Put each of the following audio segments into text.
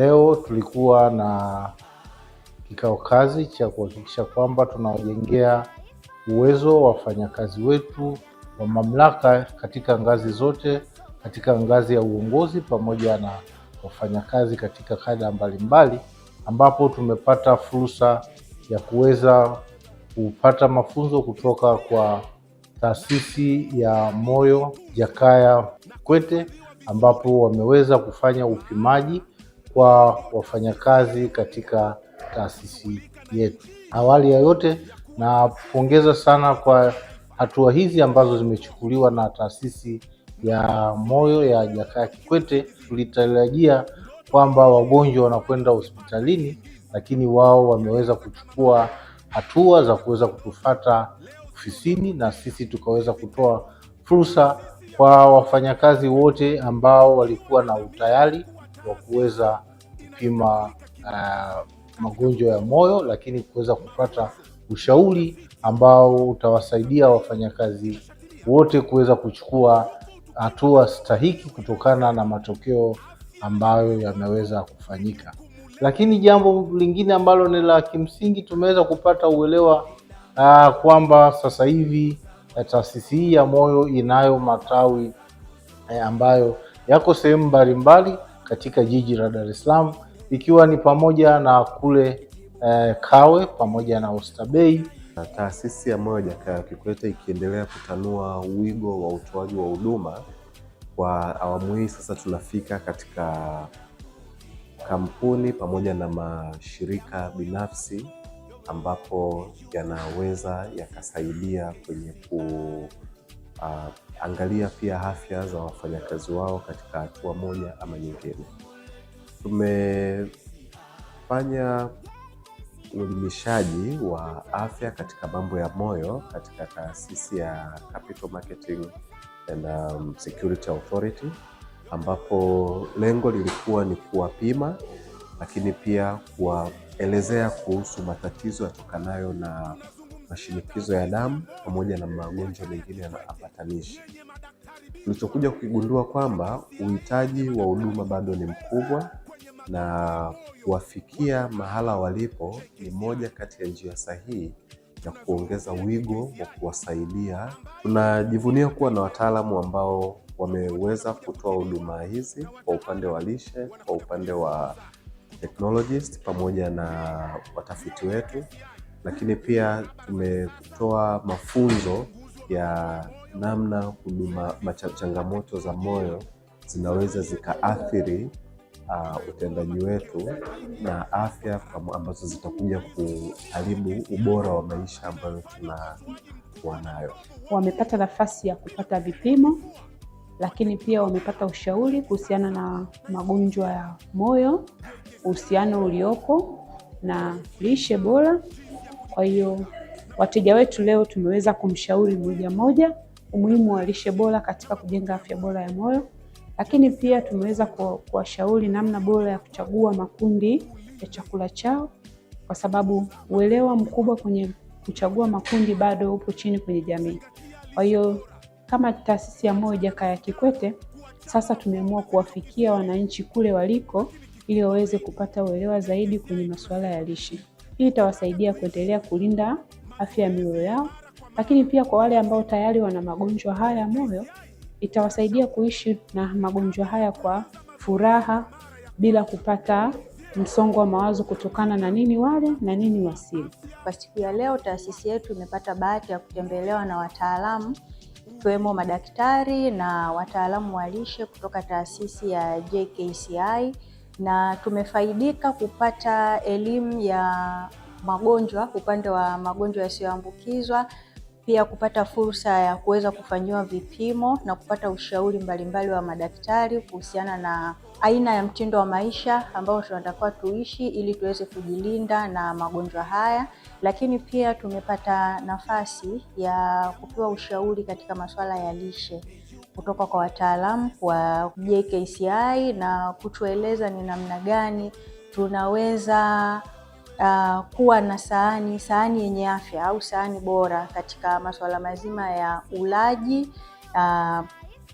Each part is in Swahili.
Leo tulikuwa na kikao kazi cha kuhakikisha kwamba tunawajengea uwezo wa wafanyakazi wetu wa mamlaka katika ngazi zote, katika ngazi ya uongozi pamoja na wafanyakazi katika kada mbalimbali, ambapo tumepata fursa ya kuweza kupata mafunzo kutoka kwa taasisi ya Moyo Jakaya Kikwete, ambapo wameweza kufanya upimaji kwa wafanyakazi katika taasisi yetu. Awali ya yote, napongeza sana kwa hatua hizi ambazo zimechukuliwa na taasisi ya moyo ya Jakaya Kikwete. Tulitarajia kwamba wagonjwa wanakwenda hospitalini, lakini wao wameweza kuchukua hatua za kuweza kutufata ofisini na sisi tukaweza kutoa fursa kwa wafanyakazi wote ambao walikuwa na utayari wa kuweza kupima uh, magonjwa ya moyo, lakini kuweza kupata ushauri ambao utawasaidia wafanyakazi wote kuweza kuchukua hatua stahiki kutokana na matokeo ambayo yameweza kufanyika. Lakini jambo lingine ambalo ni la kimsingi, tumeweza kupata uelewa uh, kwamba sasa hivi eh, taasisi hii ya moyo inayo matawi eh, ambayo yako sehemu mbalimbali katika jiji la Dar es Salaam ikiwa ni pamoja na kule eh, Kawe pamoja na Oysterbay. Taasisi ya Moyo Jakaya Kikwete ikiendelea kutanua wigo wa utoaji wa huduma kwa awamu hii, sasa tunafika katika kampuni pamoja na mashirika binafsi ambapo yanaweza yakasaidia kwenye ku uh, angalia pia afya za wafanyakazi wao katika hatua moja ama nyingine. Tumefanya uelimishaji wa afya katika mambo ya moyo katika taasisi ya Capital Marketing and um, Security Authority ambapo lengo lilikuwa ni kuwapima lakini pia kuwaelezea kuhusu matatizo yatokanayo na mashinikizo ya damu pamoja na magonjwa mengine yanayoambatanisha. Tulichokuja kukigundua kwamba uhitaji wa huduma bado ni mkubwa na kuwafikia mahala walipo ni moja kati ya njia sahihi ya kuongeza wigo wa kuwasaidia. Tunajivunia kuwa na wataalamu ambao wameweza kutoa huduma hizi kwa upande wa lishe, kwa upande wa technologist pamoja na watafiti wetu lakini pia tumetoa mafunzo ya namna huduma changamoto za moyo zinaweza zikaathiri uh, utendaji wetu na afya ambazo zitakuja kuharibu ubora wa maisha ambayo tunakuwa nayo. Wamepata nafasi ya kupata vipimo, lakini pia wamepata ushauri kuhusiana na magonjwa ya moyo, uhusiano uliopo na lishe bora kwa hiyo wateja wetu leo tumeweza kumshauri mmoja mmoja umuhimu wa lishe bora katika kujenga afya bora ya moyo, lakini pia tumeweza kuwashauri namna bora ya kuchagua makundi ya chakula chao, kwa sababu uelewa mkubwa kwenye kuchagua makundi bado upo chini kwenye jamii. Kwa hiyo kama taasisi ya moyo Jakaya Kikwete sasa tumeamua kuwafikia wananchi kule waliko ili waweze kupata uelewa zaidi kwenye masuala ya lishe. Hii itawasaidia kuendelea kulinda afya ya mioyo yao, lakini pia kwa wale ambao tayari wana magonjwa haya ya moyo, itawasaidia kuishi na magonjwa haya kwa furaha bila kupata msongo wa mawazo kutokana na nini wale na nini wasili Kwa siku ya leo, taasisi yetu imepata bahati ya kutembelewa na wataalamu ikiwemo madaktari na wataalamu wa lishe kutoka taasisi ya JKCI na tumefaidika kupata elimu ya magonjwa, upande wa magonjwa yasiyoambukizwa, pia kupata fursa ya kuweza kufanyiwa vipimo na kupata ushauri mbalimbali wa madaktari kuhusiana na aina ya mtindo wa maisha ambao tunatakiwa tuishi ili tuweze kujilinda na magonjwa haya. Lakini pia tumepata nafasi ya kupewa ushauri katika masuala ya lishe kutoka kwa wataalamu wa JKCI na kutueleza ni namna gani tunaweza uh, kuwa na sahani sahani yenye afya au sahani bora katika masuala mazima ya ulaji uh,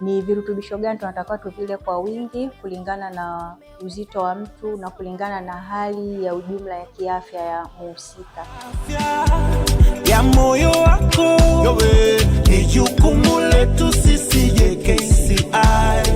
ni virutubisho gani tunatakiwa tuvile kwa wingi kulingana na uzito wa mtu na kulingana na hali ya ujumla ya kiafya ya muhusika. Ya moyo wako ni jukumu letu sisi JKCI.